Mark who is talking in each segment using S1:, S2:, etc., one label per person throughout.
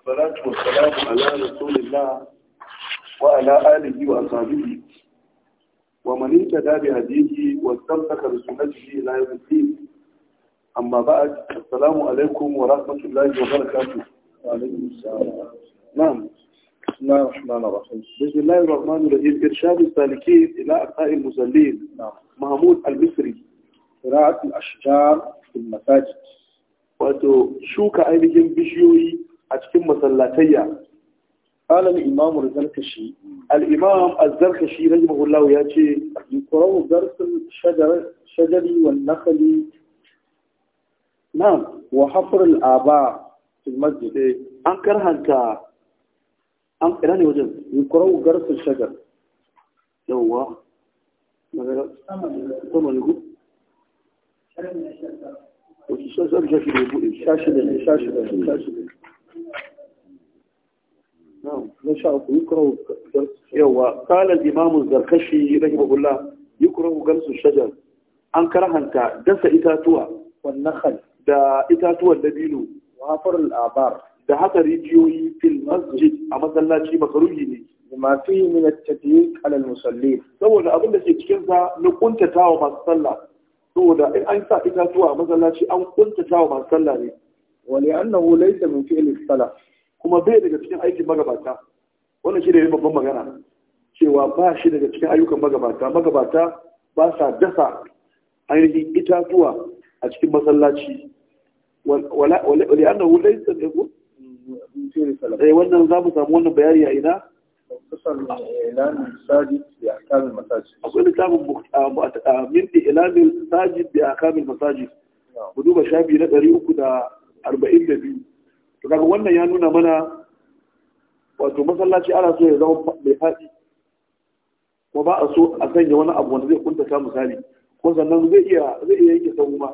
S1: الصلاة والسلام على رسول الله وعلى آله وأصحابه ومن اهتدى بهديه واستمسك بسنته إلى يوم الدين أما بعد السلام عليكم ورحمة الله وبركاته وعليكم السلام نعم بسم الله الرحمن الرحيم بسم الله الرحمن الرحيم إرشاد السالكين إلى أرقاء المسلين نعم. محمود المصري قراءة الأشجار في المساجد wato shuka ainihin bishiyoyi a cikin masallatayya alal imamu zarkashi al imam az-zarkashi rahimahullahu ya ce yukrahu darsul shajari wan nakhli na'am wa hafr al aba fil masjid an karhanta an ne wajen yukrahu shajar yawa magana kuma ne ko shi shi shi shi shi shi قال الإمام الزركشي رحمه الله يكره جلس الشجر أن كرهنت دس إتاتوا والنخل دا إتاتوا النبيل وعفر الآبار da haka rijiyoyi fil masjid a masallaci makaruhi ne bima fi min at-tadyiq musalli saboda abin da ke cikin na kuntatawa masu saboda in an sa itatuwa a masallaci an ƙuntatawa masu sallah ne wani annahu laysa min fi'l salaf kuma bai daga cikin aikin magabata wannan shi ne babban magana cewa ba shi daga cikin ayyukan magabata magabata ba sa dasa ainihin itatuwa a cikin masallaci wali annahu laysa min fi'l salaf eh wannan za mu samu wannan bayani a ina Akwai littafin الساجد بأحكام المساجد. أقول لك من إعلان الساجد بأحكام المساجد. na arba'in da biyu to kaga wannan ya nuna mana wato masallaci ana so ya zama mai faɗi ko ba a so a sanya wani abu wanda zai kuntata misali ko sannan zai iya zai iya yake sahu ma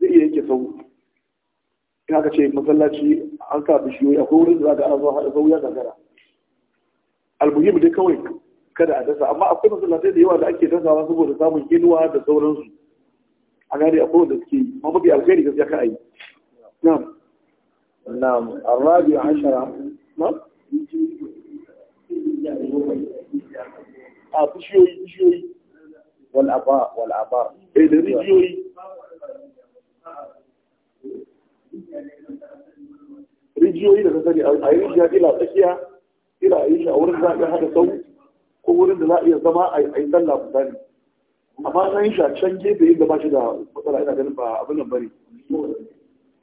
S1: zai iya yake sahu in aka ce masallaci an sa bishiyoyi akwai wurin da za ka ana haɗa sahu ya gagara almuhim dai kawai kada a dasa amma akwai masallatai da yawa da ake dasawa saboda samun inuwa da sauransu a gane akwai wanda suke yi amma mafi alkhairi gaskiya ka a yi نعم نعم الرابع عشر نعم a bishiyoyi bishiyoyi wal'aba wal'aba da rijiyoyi rijiyoyi da a yi rijiya ila tsakiya ila a yi shi wurin za a iya sau ko wurin da za iya zama a yi sallah misali amma na yi gefe inda ba shi da matsala ina ganin ba abin nan bane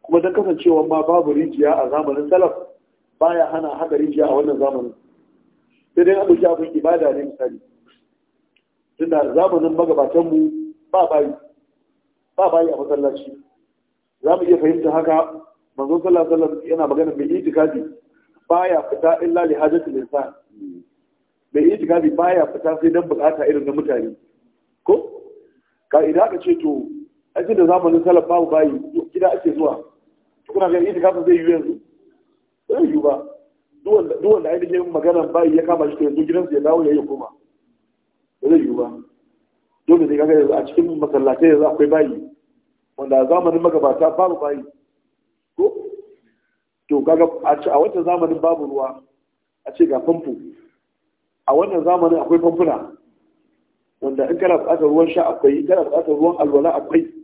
S1: kuma don kasancewa ma babu rijiya a zamanin salaf baya hana haka rijiya a wannan zamanin sai dai abu ɗauki abin ibada ne misali tunda zamanin magabatanmu ba bayi ba bayi a masallaci za mu iya fahimta haka manzo sallallahu alaihi wasallam yana magana mai itikafi baya fita illa li hajatil insan mai itikafi baya fita sai dan bukata irin na mutane ko ka idan ka ce to ajin da zamanin salaf babu bayi gida ake zuwa kuna ga kafin zai yi yanzu zai yi ba duk wanda ainihin magana bayi ya kama shi ta yanzu gidansu ya dawo ya yi koma ba zai yi ba dole ne kaga yanzu a cikin masallatai yanzu akwai bayi wanda a zamanin magabata babu bayi ko to kaga a wancan zamanin babu ruwa a ce ga famfo a wannan zamanin akwai famfuna wanda in kana buƙatar ruwan sha akwai in kana buƙatar ruwan alwala akwai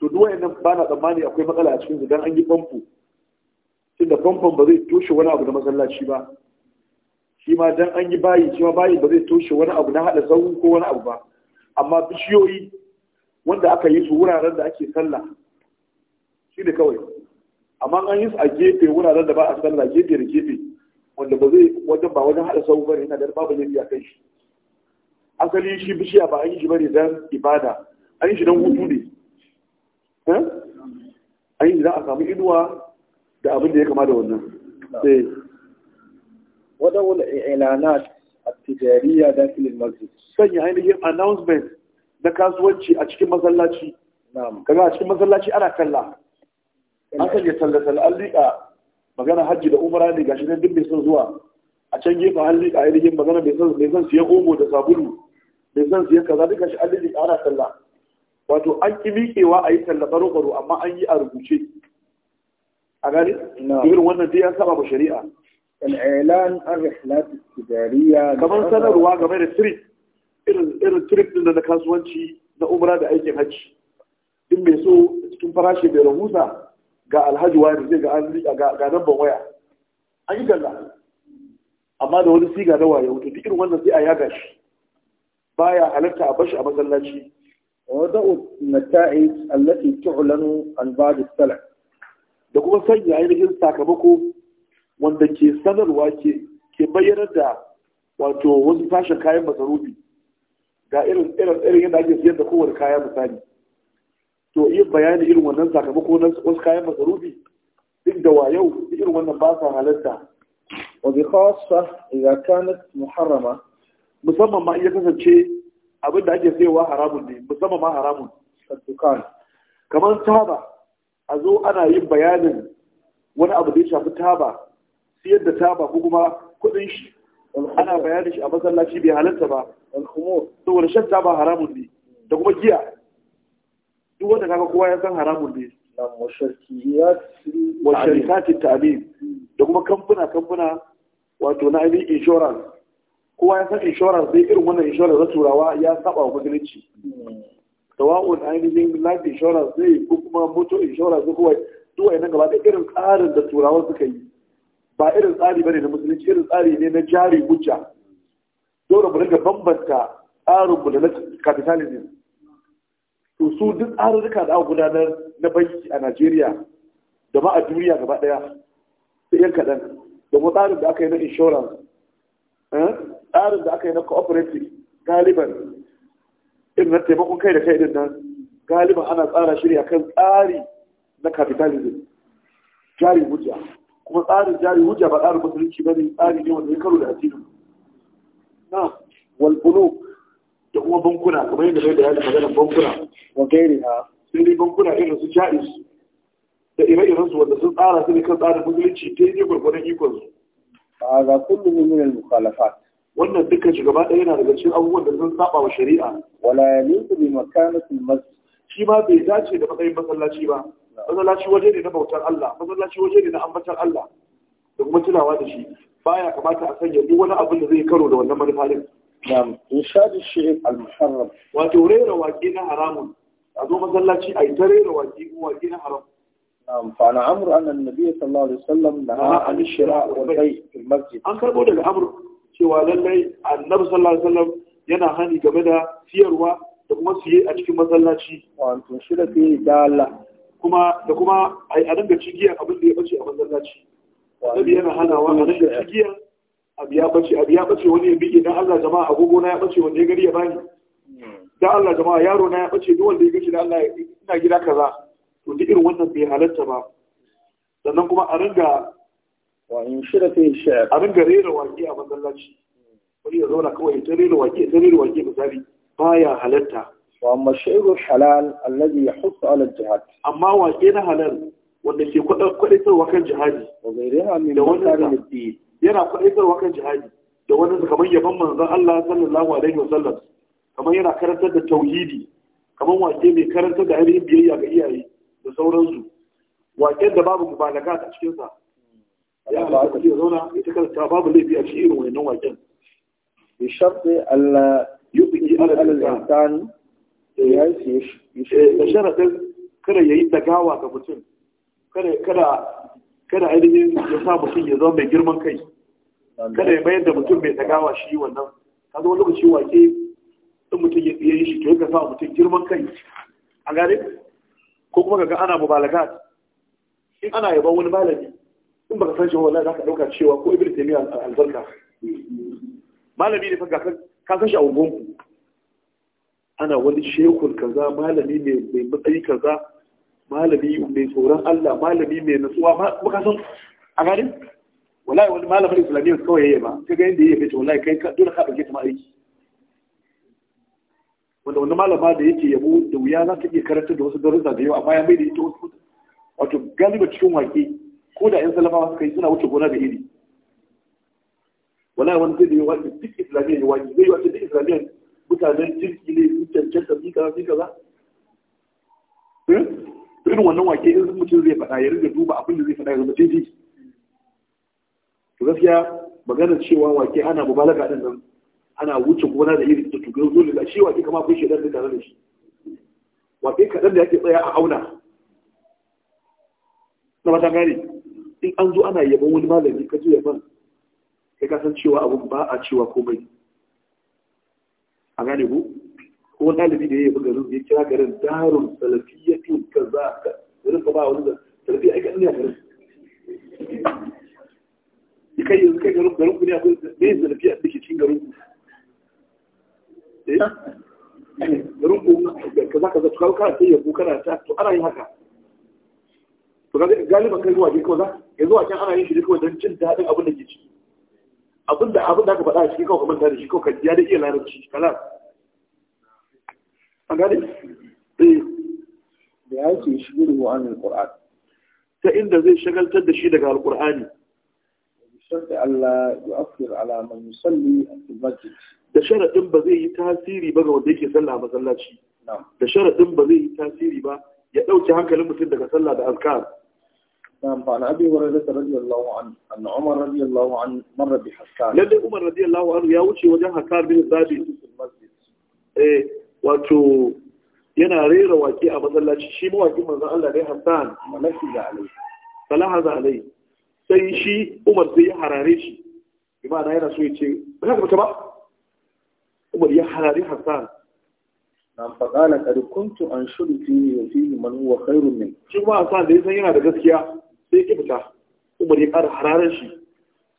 S1: to duwa wayannan ba na tsammani akwai matsala a cikin dan an yi famfo tunda famfon ba zai toshe wani abu na masallaci ba shi ma dan an yi bayi shi ma bayi ba zai toshe wani abu na hada sahu ko wani abu ba amma bishiyoyi wanda aka yi su wuraren da ake sallah shi ne kawai amma an yi su a gefe wuraren da ba a sallah gefe da gefe wanda ba zai wajen ba wajen hada sahu bane yana da babu zai biya kai shi asali shi bishiya ba an yi shi bane dan ibada an yi shi dan hutu ne Eh? ai za a samu inuwa da abin da ya kama da wannan sai eh. wadawul ilanat at-tijariyya dakil al-masjid sanya ainihin announcement na kasuwanci a cikin masallaci kaga a cikin masallaci ana kalla. an sanya talla-talla an liƙa magana hajji da umara ne gashi nan duk bai son zuwa a can gefen an liƙa ainihin magana bai son siya omo da sabulu bai son siya kaza duk gashi an ana kalla. wato an ki miƙewa a yi tallaɓar baro amma an yi a rubuce a gani irin wannan zai ya saba ba shari'a al'ailan عن رحلات التجارية كمان game da trip irin trip din na kasuwanci na umra da aikin hajji in mai so cikin farashi mai rahusa ga alhaji wani zai ga an ga nan ban waya an yi galla amma da wani siga na waye wato duk irin wannan sai a yaga shi baya halarta a bashi a masallaci ووضع النتائج التي تعلن عن بعد السلع da kuma sanya ainihin sakamako wanda ke sanarwa ke ke bayyanar da wato wasu tashin kayan masarufi ga irin irin yadda ake siyar da kowane kaya misali to yin bayani irin wannan sakamako na wasu kayan masarufi duk da wayau irin wannan ba sa halatta wa bi khassa idan kanat muharrama musamman ma iya kasance abin da ake sayowa haramun ne musamman ma haramun sukar kamar taba a zo ana yin bayanin wani abu da ya shafi taba siyar da taba ko kuma kuɗin shi ana bayanin shi a masallaci bai halarta ba saboda shan taba haramun ne da kuma giya duk wanda kaga kowa ya san haramun ne wa ta ta'amin da kuma kamfuna kamfuna wato na ainihin insurance kowa ya san inshorar sai irin wannan inshorar na turawa ya saba wa musulunci tawa'un ainihin life inshorar sai ko kuma motor inshorar ko kowai. duk yana gaba da irin tsarin da turawa suka yi ba irin tsari bane na musulunci irin tsari ne na jari hujja dole mu ga bambanta tsarin mu da na capitalism to su duk tsarurruka da aka gudanar na banki a Najeriya da ma a duniya gaba daya sai yan kaɗan da mu tsarin da aka yi na insurance Eh? tsarin da aka yi na cooperative galiban irin na taimakon kai da kai din nan galiban ana tsara shirya kan tsari na capitalism jari hujja kuma tsarin jari hujja ba tsarin musulunci ba ne tsari ne wanda ya karo da addinin na walbulu da kuma bankuna kamar yadda bai da yadda maganar bankuna wa gairi ha sun dai bankuna irin su jais da ire-irensu wanda sun tsara su ne kan tsarin musulunci daidai gwargwadon ikonsu فهذا كله من المخالفات wannan dukkan shi gaba ɗaya yana daga cikin abubuwan da sun saba wa shari'a wala yuzu bi makanatil masjid shi ma bai dace da matsayin masallaci ba masallaci waje ne na bautar Allah masallaci waje ne na ambatar Allah da kuma da shi baya kamata a sanya duk wani abin da zai karo da wannan manufa wato rera na haramun a masallaci a yi ta rera waƙi na haram فأنا عمرو أن النبي صلى الله عليه وسلم نهى عن الشراء والبيع في المسجد أن كربو دغ عمرو cewa lallai annabi sallallahu alaihi wasallam yana hani game da siyarwa da kuma siye a cikin masallaci wa to da fi dala kuma da kuma ai a dinga cigiya abin da ya bace a masallaci annabi yana hanawa a dinga cigiya abu ya bace abu bace wani ya bi idan Allah jama'a agogo na ya bace wanda ya gari ya bani hmm. dan Allah jama'a yaro na ya bace duk wanda ya gaci da Allah ina gida kaza to duk irin wannan bai halatta ba sannan kuma a ringa wa in shirya fi a ringa rera waƙe a masallaci wani ya zauna kawai ta rera waƙe ta rera waƙe misali baya halatta wa amma shi'ru halal alladhi yahussu ala jihad amma waƙe na halal wanda ke kwadaitarwa kan jihadi da wani yana kwadaitarwa kan jihadi da wani kamar yaban manzon Allah sallallahu alaihi wasallam kamar yana karantar da tauhidi kamar wake mai karanta da ainihin biyayya ga iyaye da sauransu wakil da babu mubalaga a cikinsa ya halatta ya zauna ya ta karanta babu laifi a cikin irin wannan wakil bi sharti alla yubqi ala al-insan eh, ya yi eh, sharadin kada yayi dagawa ga mutum kada kada kada ainihin ya sa mutum ya zama mai girman kai
S2: kada ya bayar da mutum
S1: mai dagawa shi wannan ka zo lokaci wake ɗin mutum ya yi shi to ka sa mutum girman kai a gare ko kuma ga ana mubalagat in ana yaba wani malami in baka san shi wallahi zaka dauka cewa ko ibnu taymiya albarka malami ne fa ga ka san shi a ungon ana wani shekul kaza malami ne mai matsayi kaza malami mai tsoron Allah malami mai nutsuwa ka san a gari wallahi wani malamin islamiyya kawai yayi ba kaga inda yake bai to wallahi kai dole ka dauke ta ma aiki wanda wani malama da yake yabo da wuya za ta iya karanta da wasu darussa da yau amma ya mai da ita wasu wato galiba cikin waƙe ko da yan salama suka yi suna wuce gona da iri wala wani zai da yawa da duk islamiyya ya ne zai yi wata duk islamiyya mutanen jirgi ne sun cancanta su kaza su kaza hmm? irin wannan waƙe in mutum zai faɗa ya rinka duba abin da zai faɗa ya zama daidai to gaskiya maganar cewa waƙe ana mubalaga ɗin nan ana wuce gona da iri da tukar zuwa da shi wace kama kun shaidar da tare da shi wace kaɗan da yake tsaya a auna na mata gane in an zo ana yaban wani malami ka ji yaban kai ka san cewa abun ba a cewa komai a gane ku ko wani ɗalibi da ya yabi garin ya kira garin darun salafiyyatin kaza ka rinka ba wani da salafiya ai garin ya garin kai yanzu kai garin garin ku ne akwai ne salafiya da ke cikin garin ku Eh? rinku kaza kaza to kana sai yabo kana ta to ana yin haka to kaga galiban kai zuwa kawai za yanzu a can ana yin shi kawai don cin daɗin abin da ke ciki abin da abin da aka faɗa a cikin kawai kamar da shi kawai ka ya da iya larabci kalas an gane eh da ya ce shi gudu wa anil qur'an ta inda zai shagaltar da shi daga alqur'ani shart Allah ya afkir ala man yusalli al masjid da sharaɗin ba zai yi tasiri ba ga wanda yake sallah a masallaci da sharaɗin ba zai yi tasiri ba ya ɗauki hankalin mutum daga sallah da azkar نعم فعن ابي هريره رضي الله عنه ان عمر رضي الله عنه مر بحسان لدي عمر رضي الله عنه يا wuce wajen hasar bin zabi eh, yana rera waki a masallaci shi mawakin maza Allah Hassan sai shi Umar sai ya harare shi bi yana so ya ce ba ka ba Umar ya hari Hassan nan faɗala ƙari kuntu an shuru wa fihi man huwa khairun min shi ba Hassan da yasan yana da gaskiya sai ki fita Umar ya ƙara hararar shi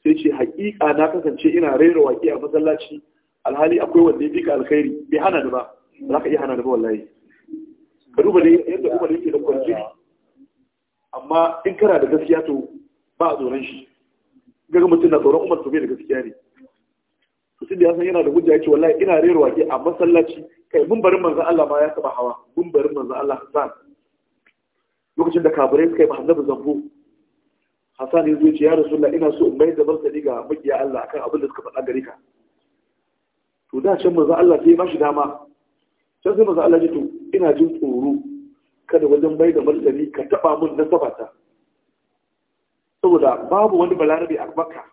S1: sai ce hakika na kasance ina rera waki a masallaci alhali akwai wanda ya fika alkhairi bai hana da ba za ka iya hana da ba wallahi ka duba yadda Umar yake da kwanci amma in kana da gaskiya to ba a tsoron shi ga mutum na tsoron Umar to bai da gaskiya ne sai ya san yana da hujja yace wallahi ina rera wake a masallaci kai mumbarin manzon Allah ma ya taba hawa mumbarin manzon Allah Hassan lokacin da kabure suka yi mahallabu zambo Hassan ya zo ya ce ya Rasulullah ina so in mai da martani ga mukiya Allah akan abin da suka faɗa gare ka to da can manzon Allah sai ya bashi dama can sai manzon Allah ya to ina jin tsoro kada wajen mai da martani ka taba mun nasabata saboda babu wani balarabe a Makka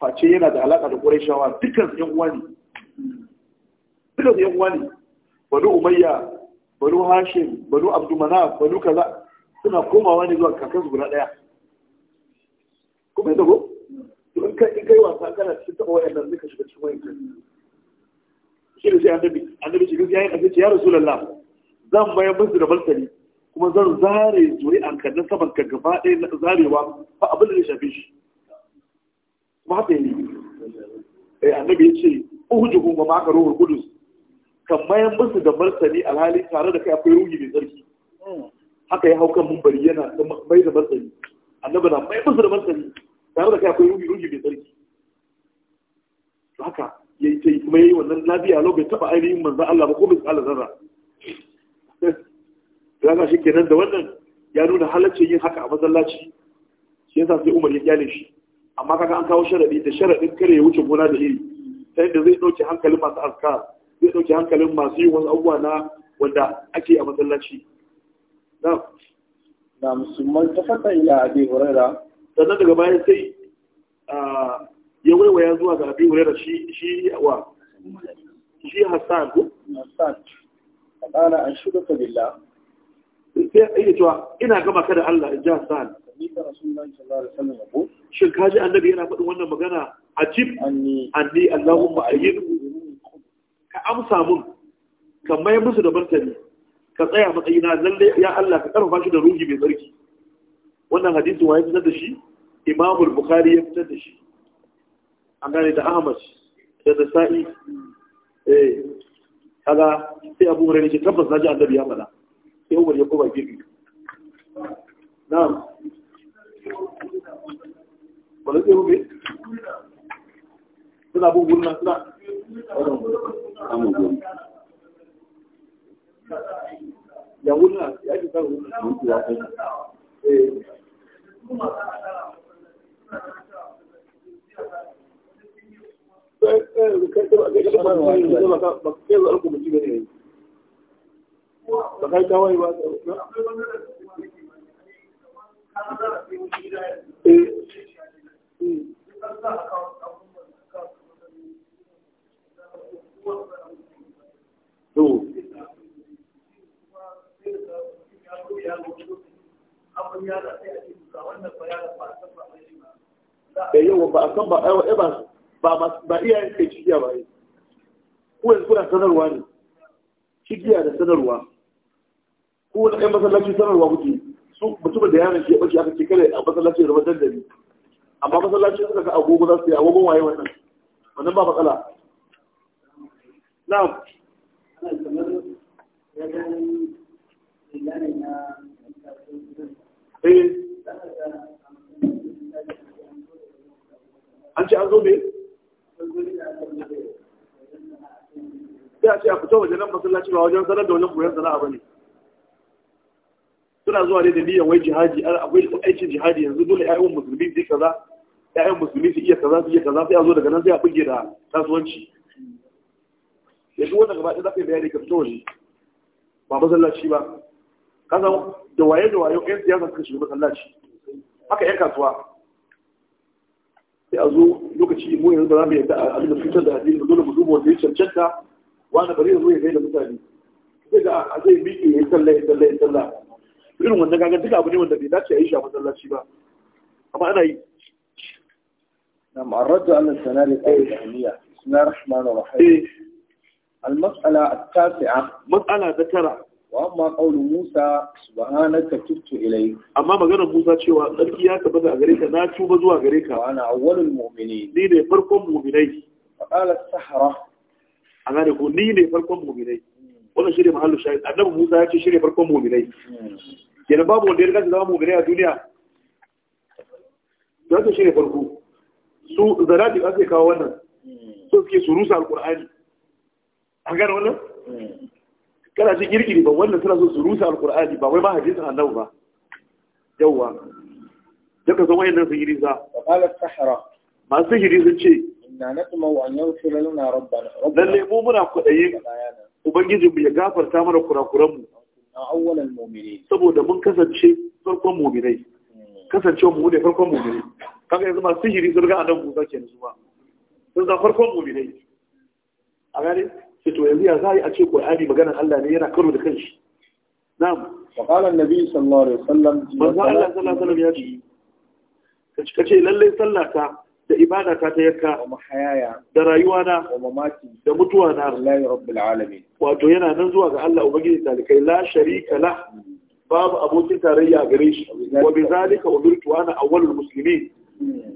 S1: face yana da alaka da qurayshawa dukkan yan uwa ne dukkan yan wani banu umayya banu hashim banu abdumana manaf banu kaza suna komawa ne zuwa su guda daya kuma yadda ko to in kai wasa kana cikin wa'yan nan zaka shiga cikin kan shi da sai annabi annabi shi gaskiya yin ce, ya rasu lalla. zan bayan musu da baltali kuma zan zare zuri an na saman ka gaba ɗaya zarewa ba abin da ya shafe shi ba ta yi eh ya ce uhujuhum wa ma'aka ruhul qudus kan mayan musu da martani alhali tare da kai akwai ruhi mai tsarki hmm. haka ya hau kan bari yana mai da martani annabi na mai musu da martani tare da kai akwai ruhi ruhi mai tsarki haka ya yi ta yi kuma ya yi wannan lafiya lau bai taɓa ainihin manzan Allah ba ko bai tsala zarra ya ga shi kenan da wannan ya nuna halaccin yin haka a masallaci shi yasa sai Umar ya kyale shi amma kaga an kawo sharadi da sharadin kare ya wuce gona da iri ta yadda zai dauke hankalin masu azkar zai dauke hankalin masu yi wasu abubuwa na wanda ake a masallaci na na musulman ta fata ila abi huraira sannan daga baya sai ya waiwaya zuwa ga abi huraira shi shi wa shi hassan ko hassan kana an shuka billah sai ya cewa ina gama ka da Allah in ji hassan hadisa rasulullahi sallallahu alaihi wasallam ko shin kaji annabi yana faɗin wannan magana ajib anni anni allahumma ayyidhu ka amsa mun ka mai musu da martani ka tsaya matsayina lalle ya Allah ka karfafa shi da ruhi mai tsarki wannan hadisi wa ya fitar da shi imamul bukhari ya fitar da shi an gane da ahmad da Sa'i, eh kaga sai abu hurairah ke tabbas naji annabi ya faɗa sai umar ya koma girbi na'am ba da tsoro ne suna bin gurna suna samun gurna ya wurna ya ke kan wurna ya ke bakai kawai ba to da eh, yawa ba a kan eh, eh, ba ba ba iyayen kai cikiya ba yi ko yanzu sanarwa ne cikiya da sanarwa ko wani ɗan masallaci sanarwa kuke su mutum da yaran shi ya ɓace aka ce kada a masallaci da rabar dandali amma masallaci suka ga agogo za su yi agogon waye wannan wannan ba matsala na'am eh. an ce an zo me. sai a ce a fito wajen nan masallaci ba wajen sanar da wajen koyon sana'a ba ne suna zuwa ne da niyyar wai jihadi akwai aikin jihadi yanzu dole ya'yan musulmi su kaza 'ya'yan musulmi su iya kaza su iya kaza sai a zo daga nan sai a buge da kasuwanci yanzu wannan gaba ɗaya za ka yi bayani ka fito waje ba masallaci ba ka da waye da waye ƴan siyasa suka shiga masallaci haka ƴan kasuwa sai a zo lokaci mu yanzu ba za mu yarda a da fitar da addini dole mu duba wanda ya cancanta wani bari ya zo ya mutane sai ga a zai miƙe ya yi sallah ya sallah ya sallah irin wannan gagan duka abu ne wanda bai dace a yi shafa tsallaci ba amma ana yi na ma'arrajo allah sanari ta yi jami'a suna rahman rahim eh. almas'ala a tasi'a matsala ta tara wa amma ƙaunin musa su ba subhanaka tuttu ilai amma maganar musa cewa tsarki ya tabbata a gare ka na tuba zuwa gare ka wa na awwalul mu'mini ni ne farkon mu'minai faqala sahara a gane ko ni ne farkon mu'minai hmm. wannan shirya ne mahallu shahid annabi musa ya ce shirya farkon mu'minai hmm. yana babu wanda ya riga su zama mummune a duniya za su shirya farko su zanati ba sai kawo wannan su suke su rusa alkur'ani an gano wannan kana ji girgiri ba wannan suna so su rusa alkur'ani ba wai ma hadisin annabi ba yawwa daga zama yadda su yi sa sahara masu sihiri sun ce inna natmau na rabba na rabba na mu muna ubangijinmu ya gafarta mana kurakuranmu saboda mun kasance farkon mu'minai hmm. kasance mu ne farkon mu'minai kaga yanzu masu sihiri sun riga annabi Musa kenan su ba sun za farkon mu'minai a gane sai to yanzu ya za a ce Qur'ani maganar Allah ne yana karo da kanshi na'am wa qala an-nabi sallallahu alaihi wasallam manzo Allah sallallahu alaihi wasallam ya ce kace lalle sallata da ibada ta ta mahayaya da rayuwa na da mutuwa na wato yana nan zuwa ga Allah ubangiji talikai la sharika la babu abokin tarayya gare shi wa bi zalika umirtu ana awwalul muslimin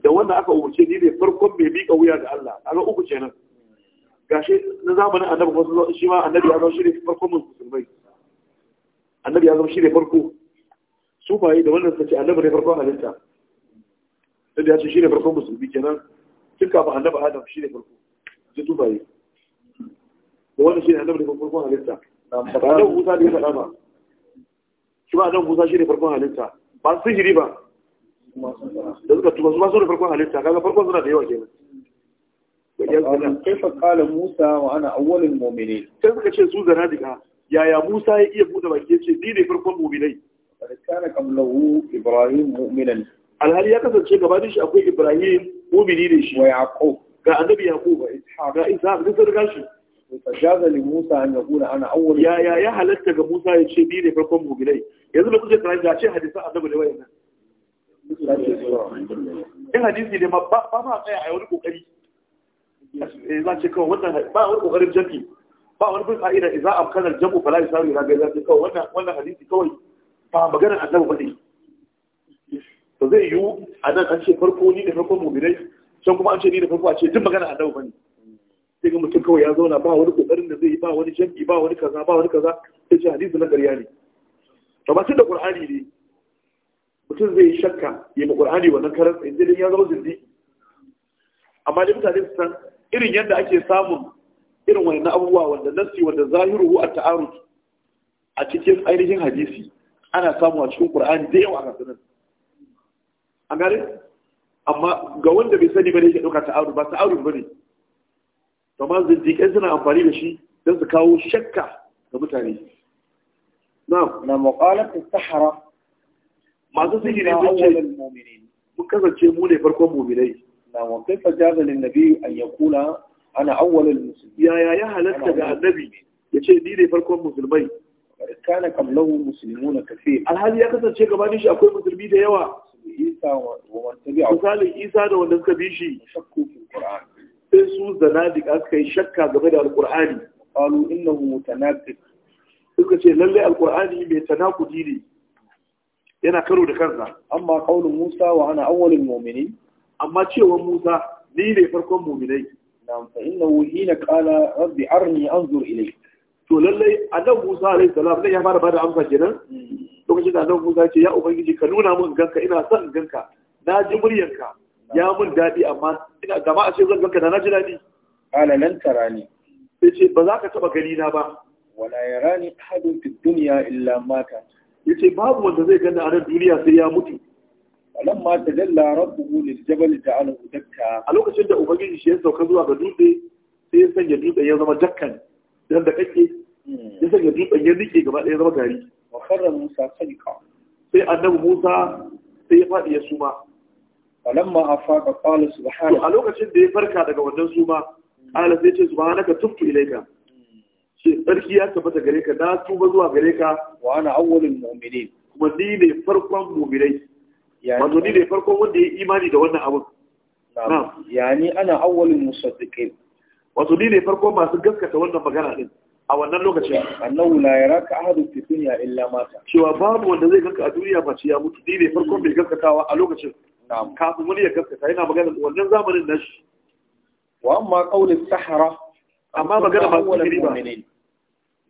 S1: da wanda aka umarce ni ne farkon mai miƙa wuya ga Allah aga uku kenan gashi na zamanin annabi wasu shi ma annabi ya zama shi ne farkon musulmai annabi ya zama shi ne farko sufaye da wannan sace annabi ne farkon halitta da ya ce shi ne farkon musulmi kenan tun kafin annabi adam shi ne farko ji tufaye da wani shi ne annabi da farkon halitta ba nan musa da ya faɗa ba shi ba nan musa shi ne farkon halitta ba su hiri ba da suka tuba su ba su ne farkon halitta kaga farkon suna da yawa kenan kaifa kala musa wa ana mu'minin sai suka ce su zanadika yaya musa ya iya buɗe baki ya ce ni ne farkon mu'minai kana qablahu ibrahim mu'minan alhali ya kasance gabanin shi akwai ibrahim mumini ne shi wa yaqub ga annabi yaqub ga ishaq ga isa duk sun riga shi fajaza li musa an yaqula ana awwal ya ya ya halatta ga musa ya ce ni ne farkon mu'minai yanzu ba kuke tsaye ga ce hadisan annabi ne wayannan in hadisi ne ma ba ma tsaya a wani kokari eh za ce kawai wannan ba wani kokarin jami ba wani bin ka'ida idza amkana al-jam'u fala yusawi ila ghayri zalika wannan wannan hadisi kawai ba maganar annabi bane ba zai yiwu a nan an ce farko ni da farkon muminai can kuma an ce ni da farko a ce duk magana a ba ne. sai ga mutum kawai ya zauna ba wani kokarin da zai yi ba wani jam'i ba wani kaza ba wani kaza sai ce hadisi na ƙarya ne to ba tun da qur'ani ne mutum zai yi shakka ya mu qur'ani wannan karan sai dai ya zama zindi amma dai mutane su san irin yadda ake samun irin wannan abubuwa wanda nasi wanda zahiruhu at-ta'arud a cikin ainihin hadisi ana samu a cikin qur'ani da yawa a nan a gane amma ga wanda bai sani bane yake dauka ta'aruf ba ta'aruf bane to ma zindiƙai suna amfani da shi don su kawo shakka ga mutane na'am na as sahara masu sihiri sun ce mun kasance mu ne farkon mu'minai na wa kaifa jaza lin nabi an yaqula ana awwalul muslimin yaya ya halatta ga annabi yace ni ne farkon musulmai kana qablahu muslimuna kaseer alhali ya kasance gabanin shi akwai musulmi da yawa misalin isa da wanda suka bi shi sai su zanadika suka yi shakka game da alkur'ani qalu innahu mutanaqiq suka ce lalle alkur'ani mai tanakudi ne yana karo da kansa amma qaulun musa wa ana awwalul mu'minin amma cewa musa ni ne farkon mu'minai nam fa innahu hina qala rabbi arni anzur ilayk to lalle annabi musa alayhi salam ne ya fara bada amsa kenan hmm. lokacin da nan Musa ce ya ubangiji ka nuna min ganka ina son ganka na ji muryanka ya mun daɗi amma ina gama a ce zan ganka da na ji daɗi ala lan tarani sai ce ba za ka taɓa gani na ba wala yarani ahadun fi dunya illa mata yace babu wanda zai ganna a nan duniya sai ya mutu ولما rabbuhu lil jabal ta'ala udakka a lokacin da ubangiji shi ya sauka zuwa ga dutse sai ya sanya dutsen ya zama dakkan dan da kake ya sanya dutsen ya rike gaba ɗaya ya zama gari wa kharra Musa sadiqa sai annabi Musa sai ya fadi ya suma falamma afaqa qala subhana a lokacin da ya farka daga wannan suma Allah sai ce subhanaka tuftu ilayka shi sarki ya tabbata gare ka na tuba zuwa gare ka wa ana awwalul mu'minin kuma ni ne farkon mu'minai wato ni ne farkon wanda ya imani da wannan abin yani ana awwalul musaddiqin wato ni ne farkon masu gaskata wannan magana din a wannan lokacin annahu la yaraka ahadu fi dunya illa mata cewa babu wanda zai ganka a duniya ba ce ya mutu ni ne farkon bai gaskatawa a lokacin na'am kafin wani ya gaskata yana magana wannan zamanin nashi wa amma qawlu sahara amma magana masu sihiri ba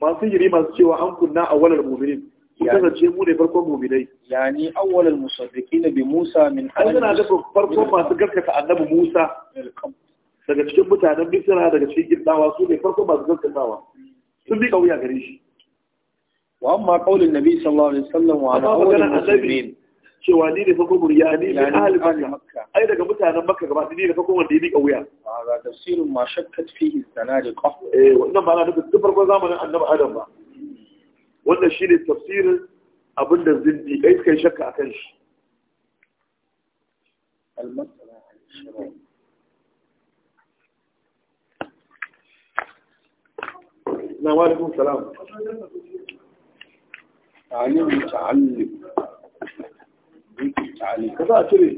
S1: masu sihiri masu cewa an kunna walar mu'minin sun kasance mu ne farkon mu'minai yani awwalul musaddiqina bi Musa min alal ana da farkon masu gaskata annabi Musa daga cikin mutanen Misra daga cikin Giddawa su ne farkon masu gaskatawa تبدي قوية كريشي وأما قول النبي صلى الله عليه وسلم وعلى أول المسلمين شو هديني فكم رياني يعني أهل مكة أيضا قمت أنا مكة قمت دين فكم ديني قوية هذا تفسير ما شكت فيه السناج القهوة وإنما أنا نبت تبر قزاما أنما أدم وإن الشيء التفسير أبن الزندي أيضا كي شك أكنش المسألة عن na walekun salam ta'alim muta'allim ta'alim ka za a cire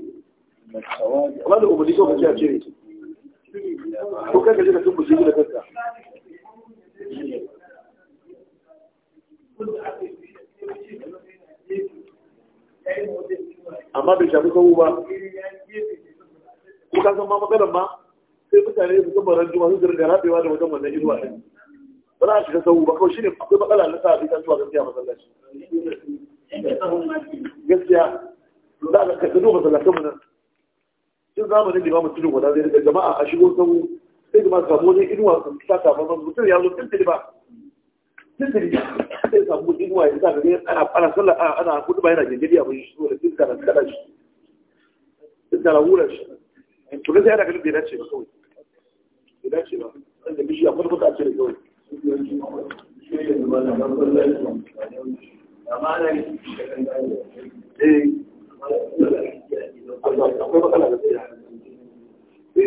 S1: ba da umarni kawai ka cire ko kai ka je ka tumbuce da kanka amma bai shafi kawo ba ko ka san ma maganar ma sai mutane su kuma ranjuma su zarga rabewa da wajen wannan inuwa ɗin ba za a shiga sahu ba kawai shine akwai matsala na sa abin zuwa gaskiya masallaci gaskiya za a ka duba masallacin mu nan cikin zamanin da imamu tudun wadanda daga jama'a a shigo sahu sai da masu samu wani inuwa su sa kafin zan mutum ya zo tuntuni ba tuntuni sai samu inuwa ya sa gari ana ana sallah ana kudu ba yana gengedi abin shi so da tuntuna na kada shi tuntuna na hura shi to gaskiya yana ganin bai dace ba kawai bai dace ba wanda bishi a kwata-kwata a cire kawai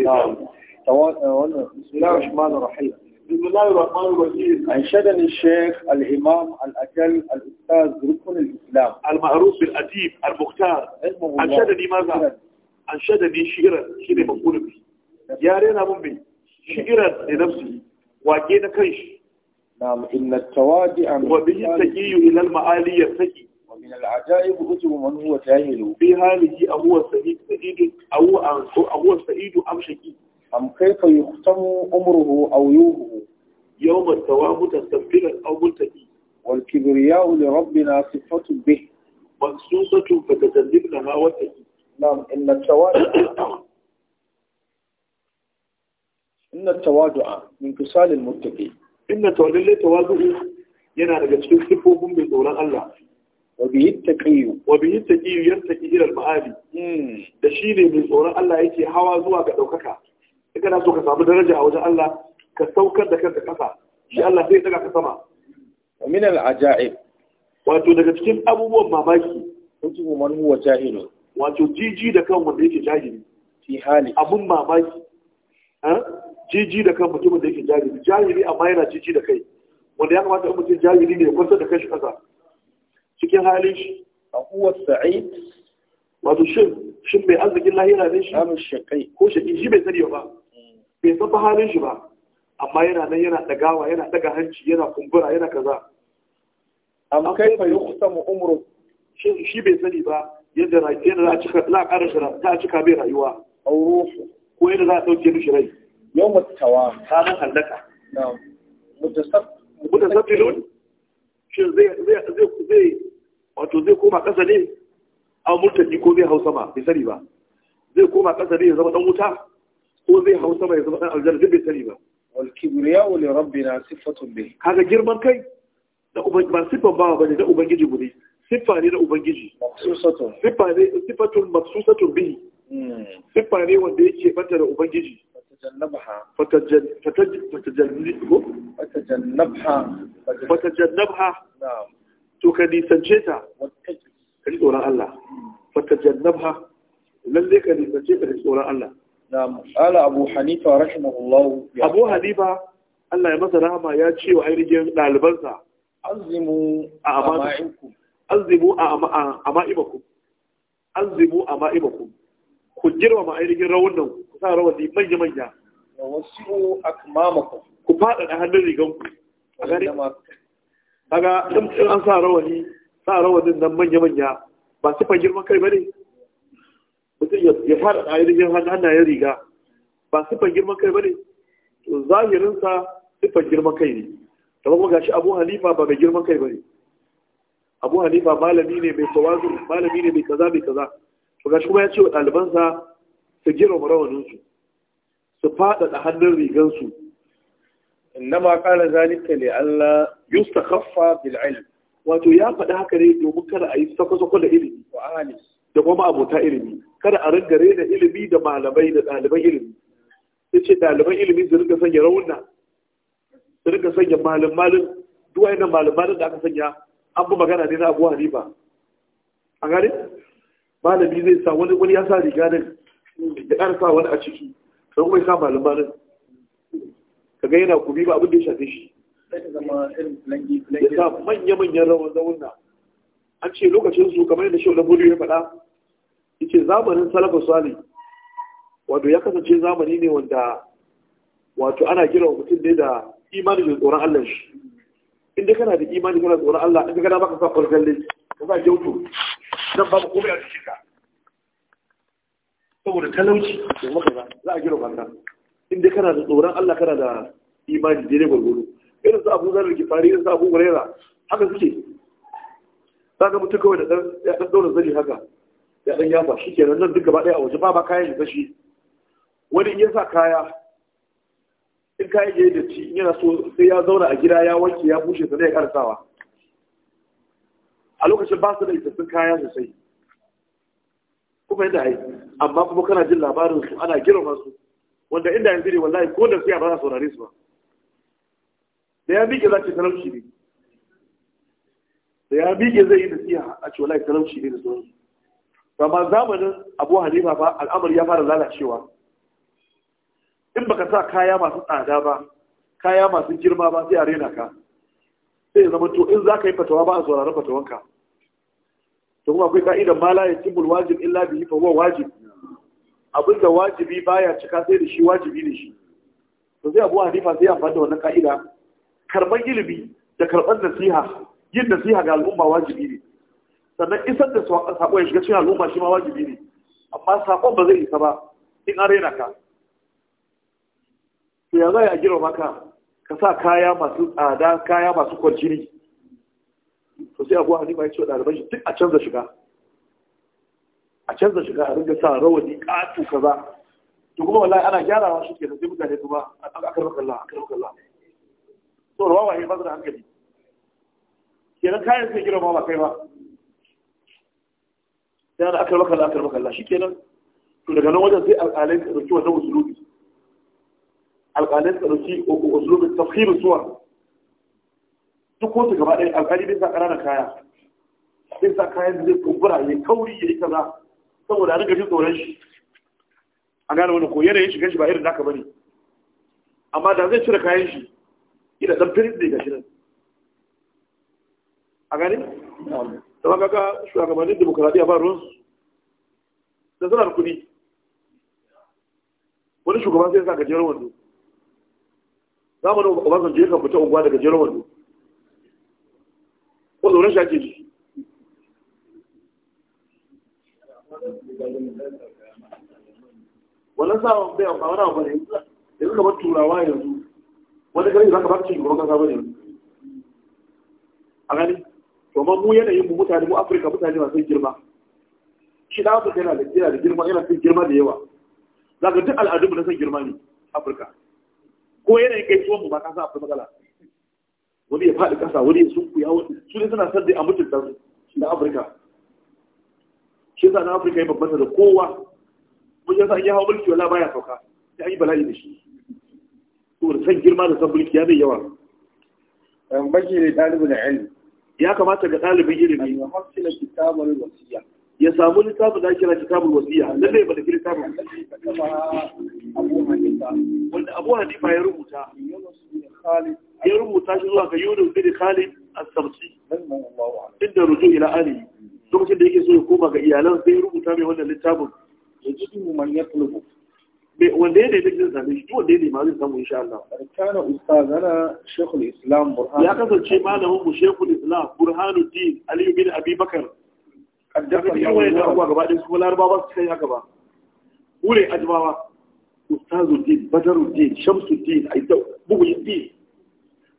S1: نعم. بسم الله الرحمن الرحيم أنشدني الشيخ الإمام الأجل الأستاذ ركن الإسلام المعروف بالأديب المختار أنشدني ماذا؟ أنشدني شئرا شئرا مقول به يا رينا أمي شئرا لنفسي wake da shi. na'am inna an wa bi taqiyu ila al-ma'ali yattaqi wa min al-ajaib utubu man huwa tahilu bi halihi huwa sa'id sa'id aw huwa sa'id am shaqi am kayfa yuhtamu umruhu aw yuhu yawm at tawabu tasbiran aw multaqi wal kibriya li rabbina sifatu bih ma wa taqi نعم inna tawadi inna tawadu'a min fisalil muttaqi inna tawallalle tawadu'u yana daga cikin sifofin mai tsoron Allah wa bihi taqiyu wa bihi taqiyu yartaqi ila al-ma'ali da shi ne mai tsoron Allah yake hawa zuwa ga daukaka in kana ka samu daraja a wajen Allah ka saukar da kanka kasa shi Allah sai ya ka sama wa min al-ajaib wato daga cikin abubuwan mamaki ujubu man huwa wato da wanda yake jahili mamaki jiji da kan mutumin da yake jahili jahili amma yana jiji da kai wanda ya kamata in mutum jahili ne ya da kai shi kasa cikin halin shi a kuwa sa'id wato shin shin mai arzikin lahira ne shi amin shakai ko shakin shi bai sani ba hmm. bai san halin shi ba amma yana nan yana dagawa yana daga hanci yana kumbura yana kaza amma kai fa yuqsamu umru shin shi bai sani ba yadda rayuwa za a cika za a ƙara shi cika bai rayuwa auruhu ko yadda za a ɗauke mishi rai yau mutawa ranar hallaka mutasafilun shi zai wato zai koma ƙasa ne a murtaki ko zai hau sama bai sani ba zai koma ƙasa ne ya zama ɗan wuta ko zai hau sama ya zama ɗan aljanna bai sani ba walkibriya wa lirabbina siffatun bi kaga girman kai da ba siffan bawa bane da ubangiji gure siffa ne da ubangiji siffa ne siffatun maksusatun bihi hmm. siffa ne wanda yake banta da ubangiji فتجنبها فتجنبها فتجنبها to ka nisance ta ka tsoron Allah fatajannabha lalle ka nisance ka ji tsoron Allah na'am abu hanifa rahimahullah abu hanifa Allah ya masa rahama ya ce wa ainihin ɗalibansa. azimu ama'ikum azimu ama'ibakum azimu ama'ibakum ku girmama ainihin rawunan an sa rawani manya manya wa wasu akmamakum ku fada da hannun rigan ku a gari daga dan an sa rawani sa rawanin nan manya manya ba su fan girman kai bane mutum ya fada da ainihin hannayen riga ba su fan girman kai bane to zahirinsa sifar girman kai ne da kuma gashi abu halifa ba mai girman kai bane abu halifa malami ne mai tawazu malami ne mai kaza mai kaza to gashi kuma ya ce wa ɗalibansa su girma marawaninsu su faɗaɗa hannun rigansu innama ƙara zalika ne Allah yusta kaffa ilm wato ya faɗi haka ne domin kada a yi sakwasakwa sako da ilimi wa da kuma abota ilimi kada a rangare da ilimi da malamai da ɗaliban ilimi ce ɗaliban ilimi su ringa sanya rauna su ringa sanya malam-malam duk wayannan malam-malam da aka sanya an bi magana ne na abuwa ne ba a gare malami zai sa wani wani ya sa riga nan da ƙarfa sa wani a ciki don kuma ya sa malama ka ga yana kubi ba abin da ya shafe shi ya sa manya-manyan rawar zaunna an ce lokacin su kamar yadda shi lamuri ya faɗa yace zamanin salafa sali wato ya kasance zamani ne wanda wato ana kira wa mutum ne da imanin da tsoron Allah shi in dai kana da imanin kana tsoron Allah in ka gada baka sa kwalgalle ka sa jautu ba babu komai a cikin ka saboda talauci da maka ba za a gina banka in dai kana da tsoron Allah kana da imani daidai gwargwado irin su da ke fari irin su abubuwan gwarera haka suke za ka mutu kawai da ɗan ɗaura zari haka ya ɗan yafa shi kenan nan duk gaba ɗaya a waje ba ba kayan da shi wani in ya sa kaya in kayan ya yi da ci yana so sai ya zauna a gida ya wanke ya bushe ne ya karasawa a lokacin ba su da isassun kaya sosai kuma yadda ai amma kuma kana jin labarin su ana girma su wanda inda yanzu ne wallahi ko da su ya ba za saurare su ba da ya miƙe za ce talauci ne da ya miƙe zai yi nasiha a ce wallahi talauci ne da to amma zamanin abu halima ba al'amari ya fara lalacewa in baka sa kaya masu tsada ba kaya masu girma ba sai a rena ka sai ya zama to in za ka yi fatawa ba a sauraron fatawanka da kuma akwai ka'idan ma la yatimul wajib illa bihi fa huwa wajib abinda wajibi baya cika sai da shi wajibi ne shi to sai Abu Hanifa sai amfani da wannan ka'ida karban ilimi da karban nasiha yin nasiha ga al'umma wajibi ne sannan isar da sako ya shiga cikin al'umma shi ma wajibi ne amma sakon ba zai isa ba in an raina ka to ya za a gina maka ka sa kaya masu tsada kaya masu kwanciri. to sai abu Halima ya ce ɗaliban shi duk a canza shiga a canza shiga a ringa sa rawani ƙatu kaza to kuma wallahi ana gyarawa shi kenan zai mutane kuma akar makalla akar makalla to rawa waye ba da hankali kenan kayan sai girma ba kai ba sai ana akar makalla akar makalla shi kenan to daga nan wajen sai alƙalai ka ɗauki wannan usulubi alƙalai ka ɗauki usulubin tafhimin suwa duk kotu gaba ɗaya alƙali bai sa ƙananan kaya bai sa kayan da zai kumbura ya kauri ya yi kaza saboda an gaji tsoron shi A gane wani ko yanayin shigan shi ba irin naka bane amma da zai cire kayan shi ina dan firin ne ga shi nan a gane da ba kaga shugabannin demokradiyya ba ruwan da suna da kuɗi wani shugaban sai sa gajeren wando zamanin obasanjo ya kan fita unguwa da gajeren wando ko tsoron shi ake ji wannan sa bai amfani wani abu ne yanzu kamar turawa yanzu wani gari za ka baka cikin kasa ba ne a gani to mu yanayin mu mutane mu afirka mutane masu girma shi da afirka yana da da girma yana son girma da yawa za ka duk al'adun mu na son girma ne afirka ko yanayin kai tuwon mu ba ka san akwai matsala wani ya faɗi ƙasa wani ya sunkuya wani su ne suna son a mutunta su na afirka shi yasa na afirka ya babbata da kowa mun yasa an yi hawa mulki wala baya sauka sai an yi bala'i da shi saboda san girma da san mulki ya mai yawa baki ne ɗalibin ilimi ya kamata ga ɗalibin ilimi ya hafsila kitabar wasiya ya samu littafin da kira kitabul wasiya lalle ba da kitabun wanda Abu Hanifa ya rubuta ya rubuta shi zuwa ga Yunus bin Khalid as-Sabti inda ruju ila ali lokacin da yake so ya koma ga iyalan sai ya rubuta mai wannan littafin ya ji mu man ya tulubu wanda ya daidai zai same shi wanda ya nema zai samu insha Allah kana ustazana Sheikhul Islam Burhan ya kasance malamin mu Sheikhul Islam Burhanuddin Ali bin Abi kaddasa ne yawan da abuwa gaba ɗin su larabawa su kai haka ba ure ajmawa ustazuddin badaruddin shamsuddin ai ta buguddin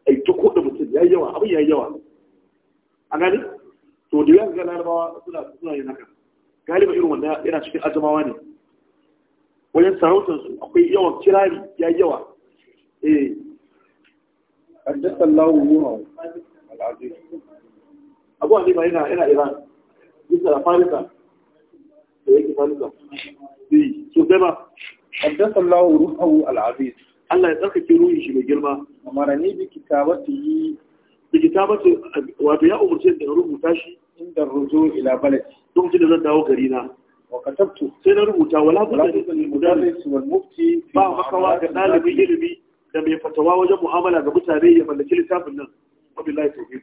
S1: ai ta koda mutum yayi yawa abin ya yi yawa a gani to da yawan ga larabawa suna suna yin haka galiba irin wanda yana cikin ajmawa ne wajen sarautar su akwai yawan kirari yi yawa eh haddasa Allahu nuha al-aziz abu hanifa yana yana iran يسأل فارسة يسأل فارسة شو كيف حدث الله روحه العزيز Allah ya tsarkake ruhin shi mai girma amarani bi kitabati bi kitabati wato ya umarce da rubuta shi inda rujo ila balad lokacin da zan dawo gari na wa katabtu sai na rubuta wala budda ne su wal mufti ba makawa ga dalibin ilimi da mai fatawa wajen mu'amala ga mutane ya mallaki littafin nan wabillahi tawfiq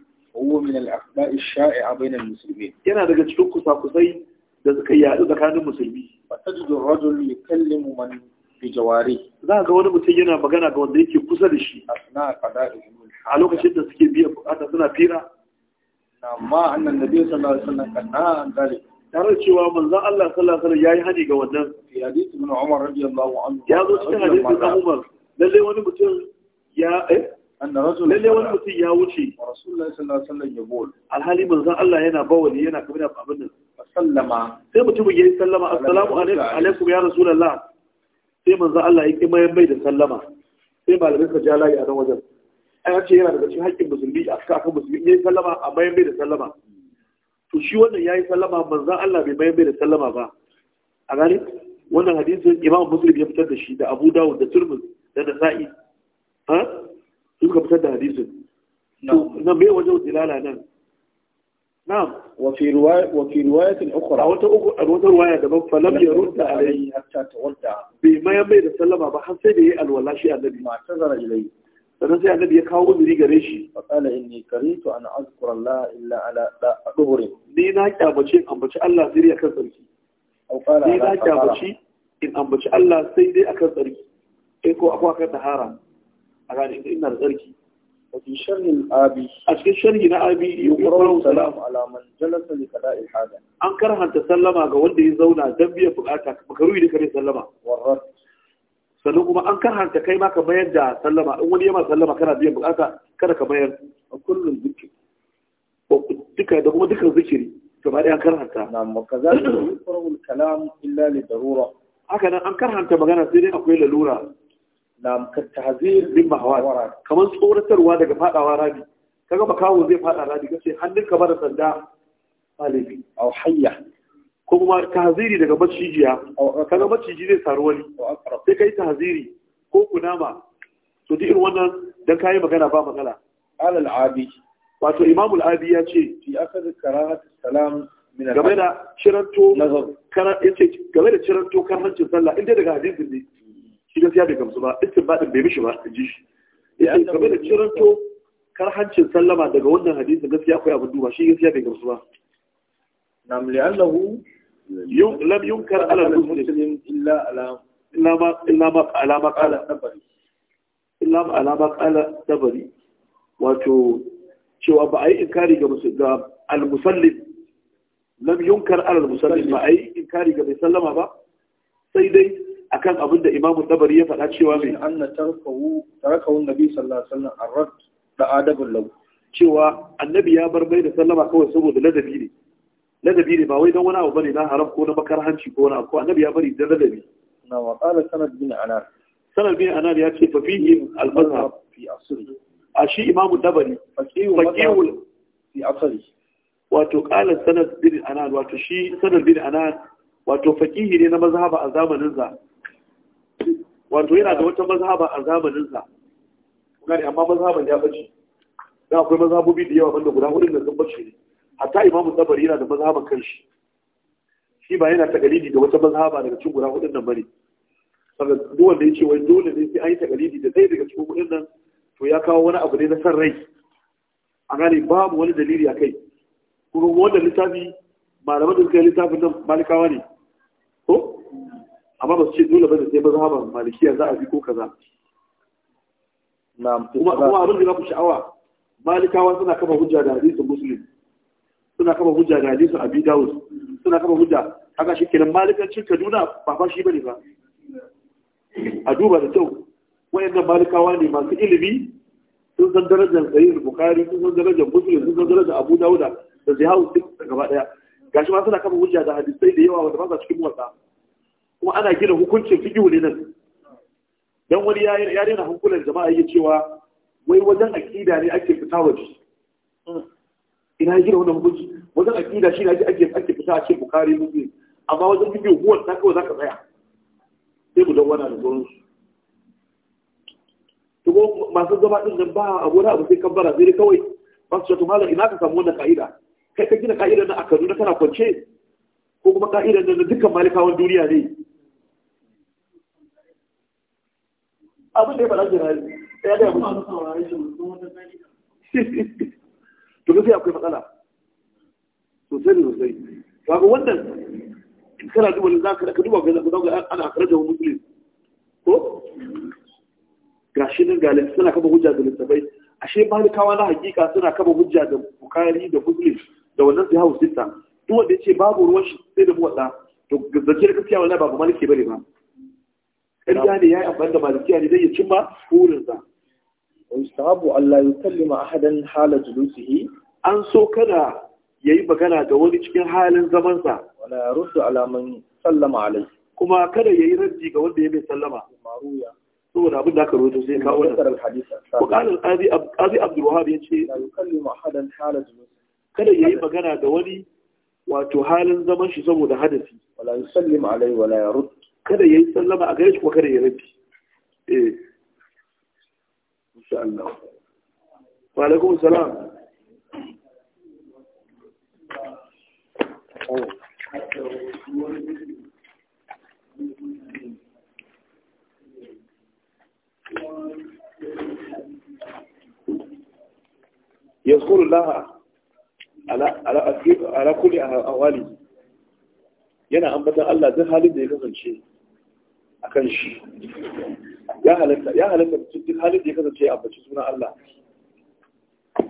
S1: min وهو من الأخباء الشائعة بين المسلمين ينا دقا تشوكو ساكوسي da suka yaɗu tsakanin musulmi. Fatajidu rajul yukallimu man fi jawari. Za ga wani mutum yana magana ga wanda yake kusa da shi. Asna qada'ihim a lokacin da suke biya bukata suna fira. Amma annan nabi sallallahu alaihi wasallam kan an dare. Tare cewa manzon Allah sallallahu alaihi wasallam yayi hani ga wannan. Fi hadisi min Umar radiyallahu anhu. Ya zo cikin hadisin Umar. Lalle wani mutum ya eh lalle wani mutum ya wuce rasulullahi sallallahu alaihi wasallam ya bol yana bawali yana kabila abin nan sai mutumin ya yi sallama assalamu alaikum ya rasulullah sai manzon Allah ya kima mai da sallama sai malamin ka ja a nan wajen ai ce yana daga cikin haƙƙin musulmi a cikin akan musulmi ya yi sallama a mayan da sallama to shi wannan ya yi sallama manzon Allah bai mayan da sallama ba a gani wannan hadisin imam ya fitar da shi da abu dawud da da suka fitar da hadisin na bai wajen dilala nan Na. wa fi riwayatin ukhra wata uku a wata riwaya daban fa lam yurda alayhi hatta tawadda bai mayan mai da sallama ba har sai da yayi alwala shi annabi ma tazara ilayhi sannan sai annabi ya kawo guduri gare shi fa qala inni karitu an azkura Allah illa ala dhuhri ni na kyabace ambaci Allah sai dai akan sarki ni na kyabace in ambaci Allah sai dai akan sarki sai ko akwai akan tahara a gane ta ina da tsarki وفي شر الآبي أشكي شر الآبي يقرأ السلام على من جلس sannan kuma an karhanta kai ma ka mayar da sallama in wani yama sallama kana biyan bukata kada ka mayar a kullum zikir duka da kuma zikiri an karhanta na makazalin yukarul kalam illa li darura haka nan an karhanta magana sai dai akwai lalura na hazir min mahawar kamar tsoratarwa daga fadawa rabi kaga ba kawo zai fada rabi kace hannun ka da sanda alibi aw hayya kuma tahziri daga macijiya kaga maciji zai saru wani sai kai tahziri ko kunama to duk wannan dan kai magana ba magana alal abi wato imamu al-abi ya ce fi akad karahat salam game da ciranto nazar kana yace game da ciranto karhancin sallah inda daga hadisin ne shi gaskiya bai gamsu ba baɗin bai mishi ba a ji shi yace game da ciranto karhancin sallama daga wannan hadisin gaskiya akwai abin duba shi gaskiya bai gamsu ba nam li'annahu lam yunkar ala muslim illa ala illa ma illa ma ala ma qala tabari illa ma ala ma qala tabari wato cewa ba a yi inkari ga ga al-musallim lam yunkar ala al-musallim ba a yi inkari ga bai sallama ba sai dai akan abin da Imam Tabari ya faɗa cewa mai anna tarkahu tarkahu Nabi sallallahu alaihi wasallam arrad da adabul law cewa annabi ya bar mai da sallama kawai saboda ladabi ne ladabi ne ba wai don wani abu bane na haram ko na makarhanci ko wani abu ko annabi ya bari da ladabi na wa qala sanad bin anar sanad bin anar ya ce fa fihi al mazhab fi asri a shi Imam Tabari faqihul fi asri wato qala sanad bin anar wato shi sanad bin anar wato faqihi ne na mazhaba a zamanin sa wato yana da wata mazhaba a zamaninsa kuma ne amma mazhaban ya bace da akwai mazhabobi da yawa banda guda hudu da sun bace ne hatta imamu tabari yana da mazhaban kanshi shi ba yana tagalidi da wata mazhaba daga cikin guda hudu nan bane saboda duk wanda yake wai dole ne sai an yi takalidi da ɗaya daga cikin hudu nan to ya kawo wani abu ne na san rai a gane babu wani dalili a kai kuma wanda littafi malaman da suka yi littafin nan malikawa ne amma ba su ce dole ba da sai mazhaban malikiya za a bi ko kaza kuma kuma abin da ku sha'awa malikawa suna kafa hujja da hadisin muslim suna kafa hujja da hadisin abi dawud suna kafa hujja haka shi kenan malikancin kaduna ba ba shi bane ba a duba da kyau wayannan malikawa ne masu ilimi sun san darajar sahih bukhari sun san darajar muslim sun san darajar abu dawuda da zihawu duk gaba daya gashi ma suna kafa hujja da hadisai da yawa wanda ba sa cikin wasa kuma ana gina hukuncin fiye ne nan don wani ya ya rena hankulan jama'a yake cewa wai wajen aƙida ne ake fita waje ina gina wani hukunci wajen aƙida shi ne ake ake fita a ce bukari mutum amma wajen fiqh huwa ta kawai ka tsaya sai ku dawana da gurin su to masu zama ɗin nan ba a gona abu sai kambara sai kawai ba su ce malam ina ka samu wannan ka'ida kai ka gina ka'idar nan a Kaduna kana kwance ko kuma ka'idar nan dukkan malikawan duniya ne abin da ya faɗa jira jiragen ya da ya mutu to gaskiya akwai matsala sosai da sosai kaga wannan in kana duba ne za ka duba ga zaka ana akaraja wa muslim ko Ga gashi nan galin suna kama hujja da littafai ashe malikawa na hakika suna kama hujja da bukari da muslim da wannan sai hausa duk wanda ya ce babu ruwan shi sai da muwaɗa to zace da gaskiya wallahi babu malike bane ba ƙarya ne ya yi amfani da malikiya ne zai ya cimma burinsa wajistahabu Allah ya kallima ahadan hala julusihi an so kada yi magana da wani cikin halin zamansa wala ya rusu ala man sallama alai kuma kada ya yi raddi ga wanda ya bai sallama maruya saboda abin da aka rubuta sai kawo wannan ko kalin qadi qadi Abdul Wahhab yace la yukallima ahadan hala julusihi kada ya yi magana da wani wato halin zaman shi saboda hadasi wala yusallim alai wala yarud kada ya yi sallama a gare shi kuma kada ya rabi eh insha Allah wa alaikum salam يذكر الله على على على كل أهواله yana ambatan Allah duk halin da ya kasance a kan shi ya halatta duk halin da ya kasance a ambaci sunan Allah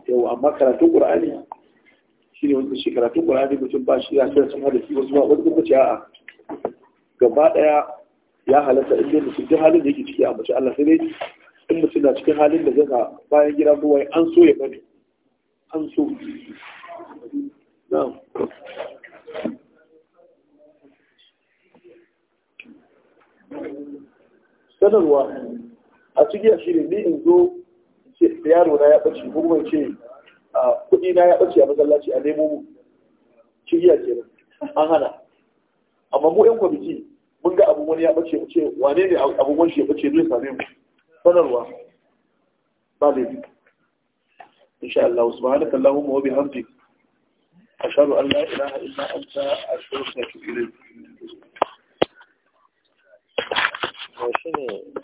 S1: yau amma karatun shi ne wanda shi karatun ƙura'ani mutum ba shi ya da sun hada shi wasu wata kuma ce a gaba daya ya halatta inda mutum duk halin da yake ciki a ambaci Allah sai dai in mutum na cikin halin da zaka bayan gida ruwa an so ya bari an so na'am sanarwa a cikiya shirin ne ni in zo da yaro na ya ɓace ko kuma ce a kuɗi na ya ɓace a masallaci a nemo mu cikiya kenan an hana amma mu yan kwamiti mun ga abubuwan ya ɓace mu ce wane ne abubuwan shi ya ɓace zai same mu sanarwa ba laifi insha Allah subhanaka Allahumma wa bihamdik أشهد أن لا إله إلا أنت أشهد أن لا إله إلا أنت 我是你。